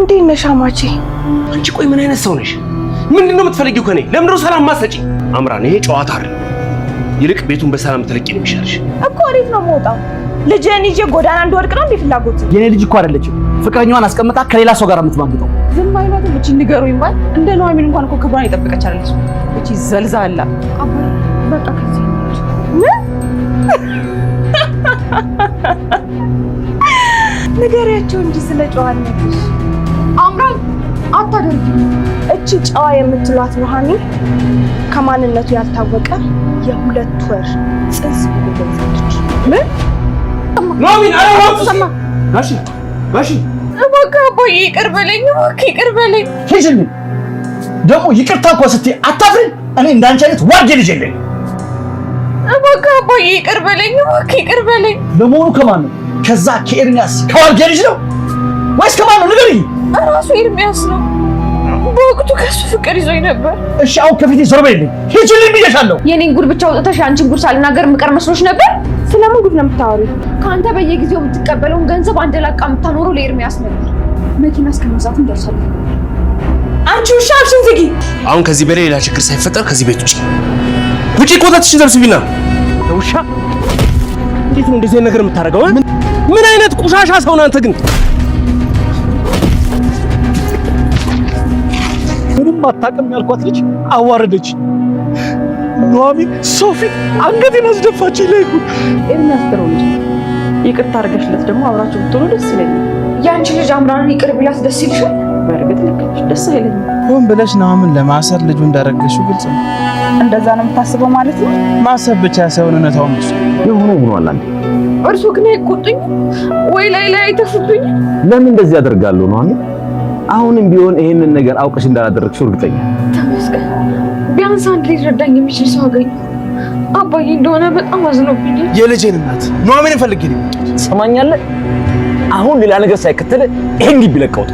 እንዴት ነሽ አማቼ? አንቺ ቆይ ምን አይነት ሰው ነሽ? ምንድን ነው የምትፈልጊው ከኔ? ለምንድን ነው ሰላም ማሰጪ? አምራን ይሄ ጨዋታ አይደል። ይልቅ ቤቱን በሰላም ትለቂ ነው የሚሻልሽ እኮ። ወዴት ነው የምወጣው? ልጅህን ይዤ ጎዳና እንደወድቅ ነው እንዴ ፍላጎት? የኔ ልጅ እኮ አይደለችም። ፍቅረኛዋን አስቀምጣ ከሌላ ሰው ጋር የምትማግጠው ዝም አይነት ልጅ ንገሩ ይባል እንደ ነው አሚን እንኳን እኮ ክብሯን የጠበቀች አይደለች። እቺ ዘልዛላ በቃ ከዚህ ንገሪያቸው እንጂ ስለ ጨዋነትሽ አታደርጊ። እቺ ጨዋ የምትሏት ኑሃሚ ከማንነቱ ያልታወቀ የሁለት ወር ጽንስ ገዛለች። ምን እባክህ አባዬ ይቅር በለኝ፣ እባክህ ይቅር በለኝ። ሂጂልኝ ደግሞ ይቅርታ እኮ ስትይ እኔ እንዳንቺ አይነት ዋጌ ልጅ የለኝ። እባክህ አባዬ ይቅር በለኝ፣ እባክህ ይቅር በለኝ። ለመሆኑ ከማን ነው? ከዛ ከኤርሚያስ ልጅ ነው ወይስ ከማን ነው? ንገሪኝ። እራሱ ኤርሚያስ ነው። በወቅቱ ከሱ ፍቅር ይዞኝ ነበር። እሺ አሁን ከፊቴ ዞር በይልኝ፣ ሂጂልኝ ብዬሻለሁ። የኔን ጉድ ብቻ ወጥተሽ የአንቺን ጉድ ሳልናገር የምቀር መስሎሽ ነበር? ስለምን ጉድ ነው የምታወሪው? ከአንተ በየጊዜው የምትቀበለውን ገንዘብ አንድ ላቃ የምታኖረው ለኤርሚያስ ነበር። መኪና እስከ መግዛትም ደርሳለሁ። አንቺ ውሻ አልሽን ዝጊ። አሁን ከዚህ በላይ ሌላ ችግር ሳይፈጠር ከዚህ ቤት ውጪ ውጪ። ቆታትሽን ሰብስቢና ውሻ። እንዴት ነው እንደዚህ ነገር የምታደርገው? ምን አይነት ቆሻሻ ሰው ነህ አንተ ግን ምንም አታውቅም ያልኳት ልጅ አዋረደች። ኖሚ ሶፊ አንገቴን አስደፋች። ይለይኩ የሚያስጥረው ልጅ ይቅርታ አድርገሽለት ደግሞ አብራችሁ ብትሆኑ ደስ ይለኛል። ያንቺ ልጅ አምራን ይቅር ብላት ደስ ይልሻል? በእርግጥ ልክ ነሽ፣ ደስ አይለኝም። ሆን ብለሽ ኑሐሚንን ለማሰር ልጁ እንዳረገሽው ግልጽ ነው። እንደዛ ነው የምታስበው ማለት ነው። ማሰብ ብቻ ሳይሆን እውነታውን ብሱ የሆነ ሆኗል። አንዴ እርሱ ግን አይቆጡኝ ወይ ላይ ላይ አይተፉብኝ። ለምን እንደዚህ ያደርጋሉ ነው አሁንም ቢሆን ይሄንን ነገር አውቀሽ እንዳላደረግሽ እርግጠኛ። ተመስገን፣ ቢያንስ አንድ ሊረዳኝ የሚችል ሰው አገኘሁ። አባዬ እንደሆነ በጣም አዝኖብኝ የልጄን እናት ኑሐሚንን ፈልጌ ነው። አሁን ሌላ ነገር ሳይከተል ይሄን ግቢ ለቀውጥ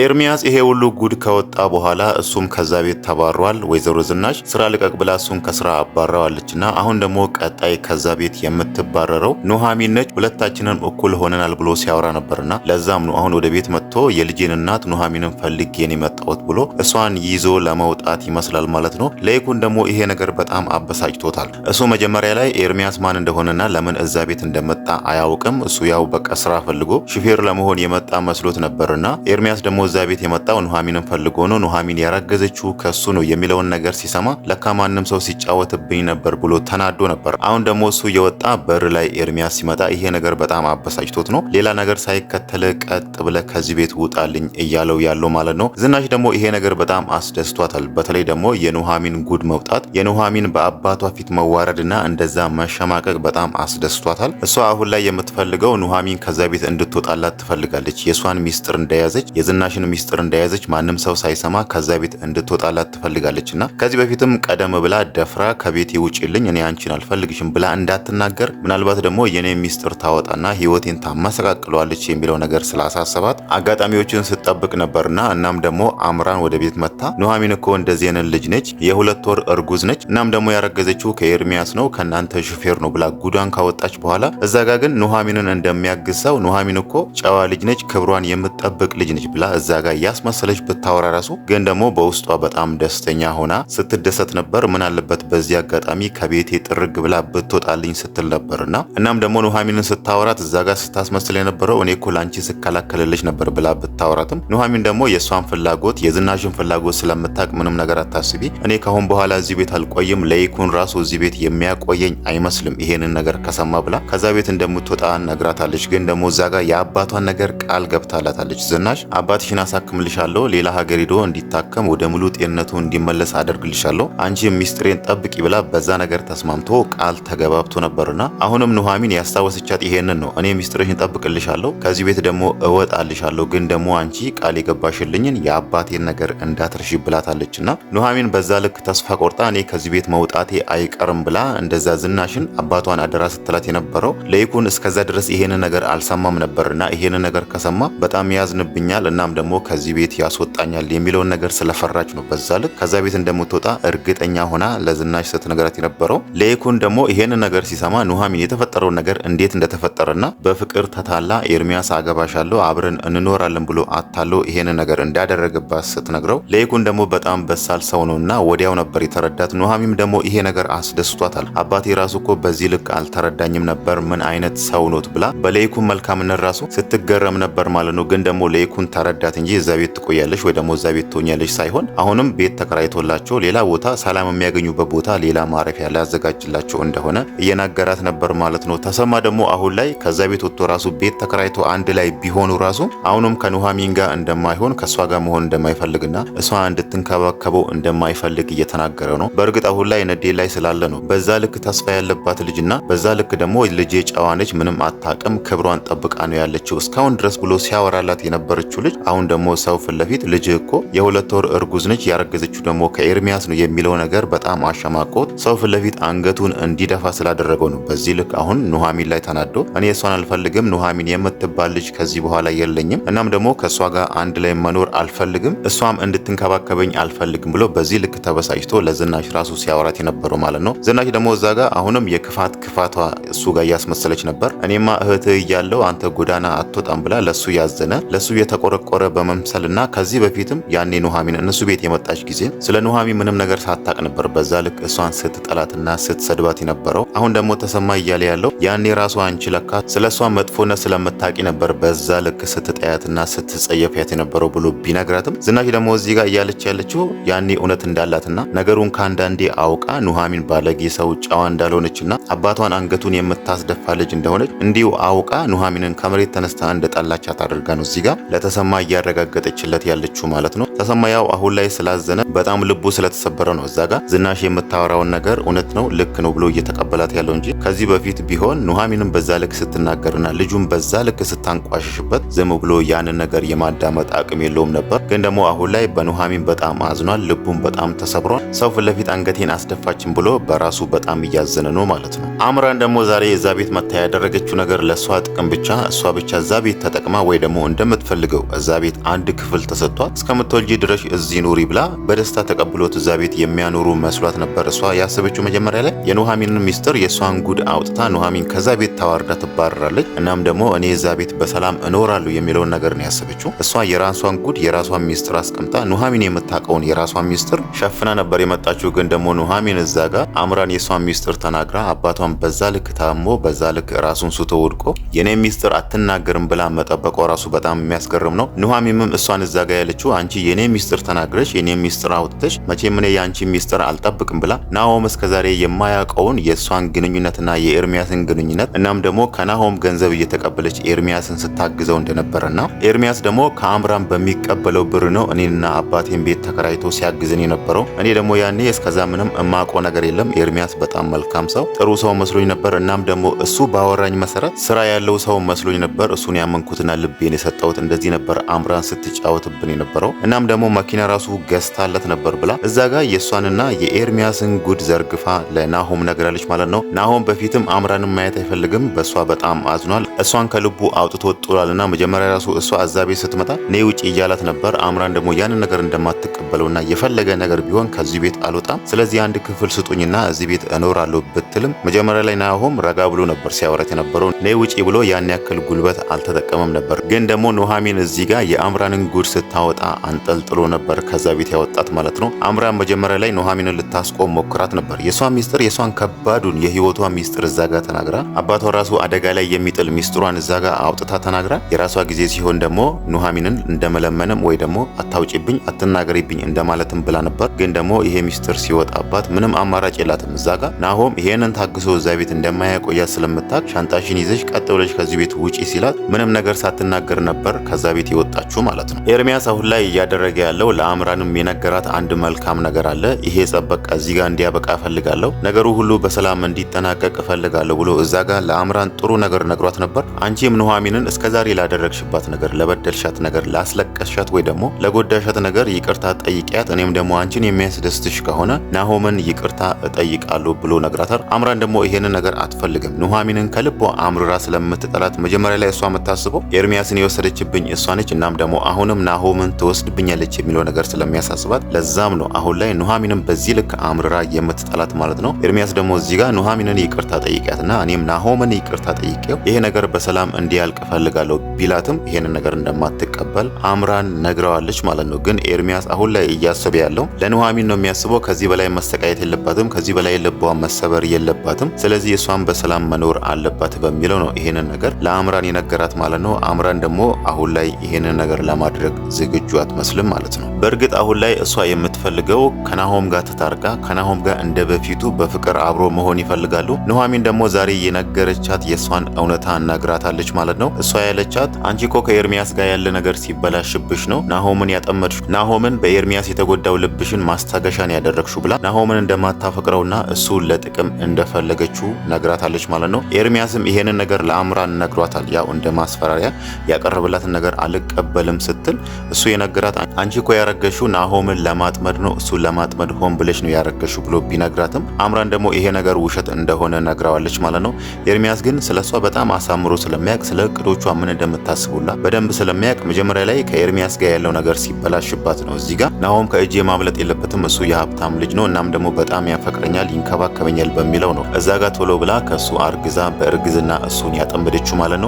ኤርሚያስ ይሄ ሁሉ ጉድ ከወጣ በኋላ እሱም ከዛ ቤት ተባሯል። ወይዘሮ ዝናሽ ስራ ልቀቅ ብላ እሱን ከስራ አባረዋለችና አሁን ደግሞ ቀጣይ ከዛ ቤት የምትባረረው ኑሐሚን ነች። ሁለታችንን እኩል ሆነናል ብሎ ሲያወራ ነበርና ለዛም ነው አሁን ወደ ቤት መጥቶ የልጄን እናት ኑሐሚንን ፈልጌን የመጣሁት ብሎ እሷን ይዞ ለመውጣት ይመስላል ማለት ነው። ለይኩን ደግሞ ይሄ ነገር በጣም አበሳጭቶታል። እሱ መጀመሪያ ላይ ኤርሚያስ ማን እንደሆነና ለምን እዛ ቤት እንደመጣ አያውቅም። እሱ ያው በቃ ስራ ፈልጎ ሹፌር ለመሆን የመጣ መስሎት ነበርና ኤርሚያስ ደግሞ እዛ ቤት የመጣው ኑሐሚንን ፈልጎ ነው፣ ኑሐሚን ያረገዘችው ከሱ ነው የሚለውን ነገር ሲሰማ ለካ ማንም ሰው ሲጫወትብኝ ነበር ብሎ ተናዶ ነበር። አሁን ደግሞ እሱ የወጣ በር ላይ ኤርሚያስ ሲመጣ ይሄ ነገር በጣም አበሳጭቶት ነው። ሌላ ነገር ሳይከተል ቀጥ ብለ ከዚህ ቤት ውጣልኝ እያለው ያለው ማለት ነው። ዝናሽ ደግሞ ይሄ ነገር በጣም አስደስቷታል። በተለይ ደግሞ የኑሐሚን ጉድ መውጣት፣ የኑሐሚን በአባቷ ፊት መዋረድና እንደዛ መሸማቀቅ በጣም አስደስቷታል። እሷ አሁን ላይ የምትፈልገው ኑሐሚን ከዛ ቤት እንድትወጣላት ትፈልጋለች። የእሷን ሚስጥር እንደያዘች የዝና የጤናሽን ሚስጥር እንደያዘች ማንም ሰው ሳይሰማ ከዛ ቤት እንድትወጣላት ትፈልጋለች እና ከዚህ በፊትም ቀደም ብላ ደፍራ ከቤቴ ውጪልኝ እኔ አንቺን አልፈልግሽም ብላ እንዳትናገር ምናልባት ደግሞ የኔ ሚስጥር ታወጣና ህይወቴን ታመሰቃቅለዋለች የሚለው ነገር ስላሳሰባት አጋጣሚዎችን ስጠብቅ ነበርና እናም ደግሞ አምራን ወደ ቤት መታ ኑሐሚን እኮ እንደዚህ አይነት ልጅ ነች፣ የሁለት ወር እርጉዝ ነች፣ እናም ደግሞ ያረገዘችው ከኤርሚያስ ነው ከእናንተ ሹፌር ነው ብላ ጉዳን ካወጣች በኋላ እዛ ጋ ግን ኑሐሚንን እንደሚያግዝ ሰው ኑሐሚን እኮ ጨዋ ልጅ ነች፣ ክብሯን የምጠብቅ ልጅ ነች ብላ እዛ ጋር እያስመሰለች ብታወራ ራሱ ግን ደግሞ በውስጧ በጣም ደስተኛ ሆና ስትደሰት ነበር። ምን አለበት በዚህ አጋጣሚ ከቤቴ ጥርግ ብላ ብትወጣልኝ ስትል ነበር እና እናም ደግሞ ኑሐሚንን ስታወራት እዛ ጋር ስታስመስል የነበረው እኔ እኮ ለአንቺ ስከላከልልሽ ነበር ብላ ብታወራትም ኑሐሚን ደግሞ የእሷን ፍላጎት የዝናሽን ፍላጎት ስለምታቅ ምንም ነገር አታስቢ፣ እኔ ካሁን በኋላ እዚህ ቤት አልቆይም፣ ለይኩን ራሱ እዚህ ቤት የሚያቆየኝ አይመስልም ይሄንን ነገር ከሰማ ብላ ከዛ ቤት እንደምትወጣ ነግራታለች። ግን ደግሞ እዛ ጋር የአባቷን ነገር ቃል ገብታላታለች። ዝናሽ አባት ራስሽን አሳክምልሻለሁ። ሌላ ሀገር ሄዶ እንዲታከም ወደ ሙሉ ጤንነቱ እንዲመለስ አደርግልሻለሁ። አንቺ ሚስጥሬን ጠብቂ ብላ በዛ ነገር ተስማምቶ ቃል ተገባብቶ ነበርና አሁንም ኑሐሚን ያስታወሰቻት ይሄንን ነው። እኔ ሚስጥሬሽን ጠብቅልሻለሁ፣ ከዚህ ቤት ደግሞ እወጣልሻለሁ፣ ግን ደግሞ አንቺ ቃል የገባሽልኝን የአባቴን ነገር እንዳትርሽ ብላታለች። ና ኑሐሚን በዛ ልክ ተስፋ ቆርጣ እኔ ከዚህ ቤት መውጣቴ አይቀርም ብላ እንደዛ ዝናሽን አባቷን አደራ ስትላት የነበረው ለይኩን እስከዛ ድረስ ይሄንን ነገር አልሰማም ነበርና ይሄንን ነገር ከሰማ በጣም ያዝንብኛል እናም ደግሞ ከዚህ ቤት ያስወጣኛል የሚለውን ነገር ስለፈራች ነው በዛ ልክ ከዛ ቤት እንደምትወጣ እርግጠኛ ሆና ለዝናሽ ስትነግራት የነበረው። ለይኩን ደግሞ ይሄን ነገር ሲሰማ ኑሐሚን የተፈጠረውን ነገር እንዴት እንደተፈጠረና በፍቅር ተታላ ኤርሚያስ አገባሻለሁ አብረን እንኖራለን ብሎ አታሎ ይሄን ነገር እንዳደረገባት ስትነግረው ለይኩን ደግሞ በጣም በሳል ሰው ነውና ወዲያው ነበር የተረዳት። ኑሐሚም ደግሞ ይሄ ነገር አስደስቷታል። አባቴ ራሱ እኮ በዚህ ልክ አልተረዳኝም ነበር ምን አይነት ሰው ኖት ብላ በለይኩን መልካምነት ራሱ ስትገረም ነበር ማለት ነው። ግን ደግሞ ለይኩን ተረዳ መርዳት እንጂ እዛ ቤት ትቆያለሽ ወይ ደግሞ እዛ ቤት ትሆኛለሽ ሳይሆን አሁንም ቤት ተከራይቶላቸው ሌላ ቦታ ሰላም የሚያገኙበት ቦታ ሌላ ማረፊያ ሊያዘጋጅላቸው እንደሆነ እየናገራት ነበር ማለት ነው። ተሰማ ደግሞ አሁን ላይ ከዛ ቤት ወጥቶ ራሱ ቤት ተከራይቶ አንድ ላይ ቢሆኑ ራሱ አሁንም ከኑሐሚን ጋር እንደማይሆን ከእሷ ጋር መሆን እንደማይፈልግና እሷ እንድትንከባከበው እንደማይፈልግ እየተናገረ ነው። በእርግጥ አሁን ላይ ነዴ ላይ ስላለ ነው። በዛ ልክ ተስፋ ያለባት ልጅና በዛ ልክ ደግሞ ልጄ ጨዋነች፣ ምንም አታቅም፣ ክብሯን ጠብቃ ነው ያለችው እስካሁን ድረስ ብሎ ሲያወራላት የነበረችው ልጅ አሁን ደግሞ ሰው ፊት ለፊት ልጅህ እኮ የሁለት ወር እርጉዝ ነች ያረገዘችው ደግሞ ከኤርሚያስ ነው የሚለው ነገር በጣም አሸማቆት ሰው ፊት ለፊት አንገቱን እንዲደፋ ስላደረገው ነው። በዚህ ልክ አሁን ኑሐሚን ላይ ተናዶ እኔ እሷን አልፈልግም፣ ኑሐሚን የምትባል ልጅ ከዚህ በኋላ የለኝም፣ እናም ደግሞ ከእሷ ጋር አንድ ላይ መኖር አልፈልግም፣ እሷም እንድትንከባከበኝ አልፈልግም ብሎ በዚህ ልክ ተበሳጭቶ ለዝናሽ ራሱ ሲያወራት የነበረው ማለት ነው። ዝናሽ ደግሞ እዛ ጋር አሁንም የክፋት ክፋቷ እሱ ጋር እያስመሰለች ነበር። እኔማ እህትህ እያለው አንተ ጎዳና አትወጣም ብላ ለሱ ያዘነ ለሱ የተቆረቆረ በመምሰልና ከዚህ በፊትም ያኔ ኑሐሚን እነሱ ቤት የመጣች ጊዜ ስለ ኑሐሚን ምንም ነገር ሳታቅ ነበር በዛ ልክ እሷን ስትጠላትና ስትሰድባት የነበረው። አሁን ደግሞ ተሰማ እያለ ያለው ያኔ ራሷ አንቺ ለካ ስለ እሷ መጥፎነት ስለምታቂ ነበር በዛ ልክ ስትጠያትና ስትጸየፊያት የነበረው ብሎ ቢነግራትም ዝናሽ ደግሞ እዚህ ጋር እያለች ያለችው ያኔ እውነት እንዳላትና ነገሩን ከአንዳንዴ አውቃ ኑሐሚን ባለጌ ሰው ጨዋ እንዳልሆነችና አባቷን አንገቱን የምታስደፋ ልጅ እንደሆነች እንዲሁ አውቃ ኑሐሚንን ከመሬት ተነስታ እንደጣላቻት አድርጋ ነው እዚህ ጋር ለተሰማ እያለ እያረጋገጠችለት ያለችው ማለት ነው። ተሰማ ያው አሁን ላይ ስላዘነ በጣም ልቡ ስለተሰበረ ነው እዛ ጋር ዝናሽ የምታወራውን ነገር እውነት ነው ልክ ነው ብሎ እየተቀበላት ያለው እንጂ ከዚህ በፊት ቢሆን ኑሐሚንም በዛ ልክ ስትናገርና ልጁም በዛ ልክ ስታንቋሽሽበት ዝም ብሎ ያንን ነገር የማዳመጥ አቅም የለውም ነበር። ግን ደግሞ አሁን ላይ በኑሐሚን በጣም አዝኗል፣ ልቡም በጣም ተሰብሯል። ሰው ፊት ለፊት አንገቴን አስደፋችን ብሎ በራሱ በጣም እያዘነ ነው ማለት ነው። አምራን ደግሞ ዛሬ እዛ ቤት መታ ያደረገችው ነገር ለእሷ ጥቅም ብቻ እሷ ብቻ እዛ ቤት ተጠቅማ ወይ ደግሞ እንደምትፈልገው እዛ ቤት አንድ ክፍል ተሰጥቷት እስከምትወልጂ ድረሽ እዚህ ኑሪ ብላ በደስታ ተቀብሎት እዛ ቤት የሚያኖሩ መስሏት ነበር። እሷ ያሰበችው መጀመሪያ ላይ የኑሐሚንን ሚስጥር የእሷን ጉድ አውጥታ ኑሐሚን ከዛ ቤት ታዋርዳ ትባረራለች። እናም ደግሞ እኔ እዛ ቤት በሰላም እኖራለሁ የሚለውን ነገር ነው ያሰበችው። እሷ የራሷን ጉድ የራሷን ሚስጥር አስቀምጣ ኑሐሚን የምታውቀውን የራሷን ሚስጥር ሸፍና ነበር የመጣችው። ግን ደግሞ ኑሐሚን እዛ ጋር አምራን የእሷን ሚስጥር ተናግራ አባቷን በዛ ልክ ታሞ በዛ ልክ ራሱን ስቶ ወድቆ የኔ ሚስጥር አትናገርም ብላ መጠበቋ ራሱ በጣም የሚያስገርም ነው። ኑሐሚንም እሷን እዛ ጋ ያለችው አንቺ የኔ ሚስጥር ተናግረሽ የኔ ሚስጥር አውጥተሽ መቼም እኔ የአንቺ ሚስጥር አልጠብቅም ብላ ናሆም እስከዛሬ የማያውቀውን የእሷን ግንኙነትና የኤርሚያስን ግንኙነት እናም ደግሞ ከናሆም ገንዘብ እየተቀበለች ኤርሚያስን ስታግዘው እንደነበረና ኤርሚያስ ደግሞ ከአምራን በሚቀበለው ብር ነው እኔንና አባቴን ቤት ተከራይቶ ሲያግዝን የነበረው። እኔ ደግሞ ያኔ እስከዛ ምንም እማውቀው ነገር የለም። ኤርሚያስ በጣም መልካም ሰው፣ ጥሩ ሰው መስሎኝ ነበር። እናም ደግሞ እሱ ባወራኝ መሰረት ስራ ያለው ሰው መስሎኝ ነበር። እሱን ያመንኩትና ልቤን የሰጠሁት እንደዚህ ነበር። አምራን ስትጫወትብን የነበረው እናም ደግሞ መኪና ራሱ ገዝታለት ነበር ብላ እዛ ጋር የእሷንና የኤርሚያስን ጉድ ዘርግፋ ለናሆም ነግራለች ማለት ነው። ናሆም በፊትም አምራንም ማየት አይፈልግም፣ በእሷ በጣም አዝኗል። እሷን ከልቡ አውጥቶ ጥሏልና መጀመሪያ ራሱ እሷ እዛ ቤት ስትመጣ ኔ ውጭ እያላት ነበር። አምራን ደግሞ ያንን ነገር እንደማትቀበለውና የፈለገ ነገር ቢሆን ከዚህ ቤት አልወጣም፣ ስለዚህ አንድ ክፍል ስጡኝና እዚህ ቤት እኖራለሁ ብትልም መጀመሪያ ላይ ናሆም ረጋ ብሎ ነበር ሲያወረት የነበረው። ኔ ውጪ ብሎ ያን ያክል ጉልበት አልተጠቀመም ነበር። ግን ደግሞ ኑሐሚን እዚህ ጋር የአምራንን ጉድ ስታወጣ አንጠልጥሎ ነበር ከዛ ቤት ያወጣት ማለት ነው። አምራን መጀመሪያ ላይ ኑሐሚንን ልታስቆም ሞክራት ነበር። የሷ ሚስጥር የሷን ከባዱን የህይወቷ ሚስጥር እዛ ጋር ተናግራ አባቷ ራሱ አደጋ ላይ የሚጥል ሚስጥሯን እዛ ጋር አውጥታ ተናግራ የራሷ ጊዜ ሲሆን ደግሞ ኑሐሚንን እንደመለመንም ወይ ደግሞ አታውጪብኝ፣ አትናገሪብኝ እንደማለትም ብላ ነበር። ግን ደግሞ ይሄ ሚስጥር ሲወጣባት ምንም አማራጭ የላትም እዛ ጋር ናሆም ይሄንን ታግሶ እዛ ቤት እንደማያቆያት ስለምታቅ ሻንጣሽን ይዘሽ ቀጥ ብለሽ ከዚህ ቤት ውጪ ሲላት ምንም ነገር ሳትናገር ነበር ከዛ ቤት የወጣ መጣችሁ ማለት ነው። ኤርሚያስ አሁን ላይ እያደረገ ያለው ለአምራንም የነገራት አንድ መልካም ነገር አለ። ይሄ ጸበቃ እዚህ ጋር እንዲያበቃ እፈልጋለሁ፣ ነገሩ ሁሉ በሰላም እንዲጠናቀቅ እፈልጋለሁ ብሎ እዛ ጋር ለአምራን ጥሩ ነገር ነግሯት ነበር። አንቺም ኑሐሚንን እስከዛሬ ላደረግሽባት ነገር፣ ለበደልሻት ነገር፣ ላስለቀስሻት ወይ ደግሞ ለጎዳሻት ነገር ይቅርታ ጠይቂያት፣ እኔም ደግሞ አንቺን የሚያስደስትሽ ከሆነ ናሆምን ይቅርታ እጠይቃለሁ ብሎ ነግራታል። አምራን ደግሞ ይሄንን ነገር አትፈልግም። ኑሐሚንን ከልቦ አምርራ ስለምትጠላት መጀመሪያ ላይ እሷ የምታስበው ኤርሚያስን የወሰደችብኝ እሷ ነች እና እናም ደግሞ አሁንም ናሆምን ትወስድብኛለች የሚለው ነገር ስለሚያሳስባት ለዛም ነው አሁን ላይ ኑሃሚንን በዚህ ልክ አምርራ የምትጠላት ማለት ነው። ኤርሚያስ ደግሞ እዚህ ጋር ኑሐሚንን ይቅርታ ጠይቂያትና እኔም ናሆምን ይቅርታ ጠይቄው ይሄ ነገር በሰላም እንዲያልቅ ፈልጋለሁ ቢላትም ይሄንን ነገር እንደማትቀበል አምራን ነግረዋለች ማለት ነው። ግን ኤርሚያስ አሁን ላይ እያሰበ ያለው ለኑሐሚን ነው የሚያስበው። ከዚህ በላይ መሰቃየት የለባትም፣ ከዚህ በላይ ልቧ መሰበር የለባትም። ስለዚህ እሷን በሰላም መኖር አለባት በሚለው ነው ይሄንን ነገር ለአምራን የነገራት ማለት ነው። አምራን ደግሞ አሁን ላይ ይሄንን ነገር ለማድረግ ዝግጁ አትመስልም ማለት ነው። በእርግጥ አሁን ላይ እሷ የምትፈልገው ከናሆም ጋር ተታርቃ ከናሆም ጋር እንደ በፊቱ በፍቅር አብሮ መሆን ይፈልጋሉ። ኑሐሚን ደግሞ ዛሬ የነገረቻት የእሷን እውነታ እናግራታለች ማለት ነው። እሷ ያለቻት አንቺ ኮ ከኤርሚያስ ጋር ያለ ነገር ሲበላሽብሽ ነው ናሆምን ያጠመድሽ፣ ናሆምን በኤርሚያስ የተጎዳው ልብሽን ማስታገሻን ያደረግሹ ብላ ናሆምን እንደማታፈቅረውና እሱ ለጥቅም እንደፈለገችው ነግራታለች ማለት ነው። ኤርሚያስም ይሄንን ነገር ለአምራ ነግሯታል። ያው እንደ ማስፈራሪያ ያቀረብላትን ነገር አልቀበልም ስትል እሱ የነገራት አንቺ ኮ ያረገሹ ናሆምን ለማጥመድ ነው፣ እሱን ለማጥመድ ሆን ብለሽ ነው ያረገሹ ብሎ ቢነግራትም አምራን ደግሞ ይሄ ነገር ውሸት እንደሆነ ነግረዋለች ማለት ነው። ኤርሚያስ ግን ስለ እሷ በጣም አሳምሮ ስለሚያውቅ ስለ እቅዶቿ ምን እንደምታስቡላ በደንብ ስለሚያውቅ መጀመሪያ ላይ ከኤርሚያስ ጋር ያለው ነገር ሲበላሽባት ነው። እዚህ ጋር ናሆም ከእጅ የማምለጥ የለበትም እሱ የሀብታም ልጅ ነው፣ እናም ደግሞ በጣም ያፈቅረኛል፣ ይንከባከበኛል በሚለው ነው እዛ ጋር ቶሎ ብላ ከእሱ አርግዛ በእርግዝና እሱን ያጠመደችው ማለት ነው።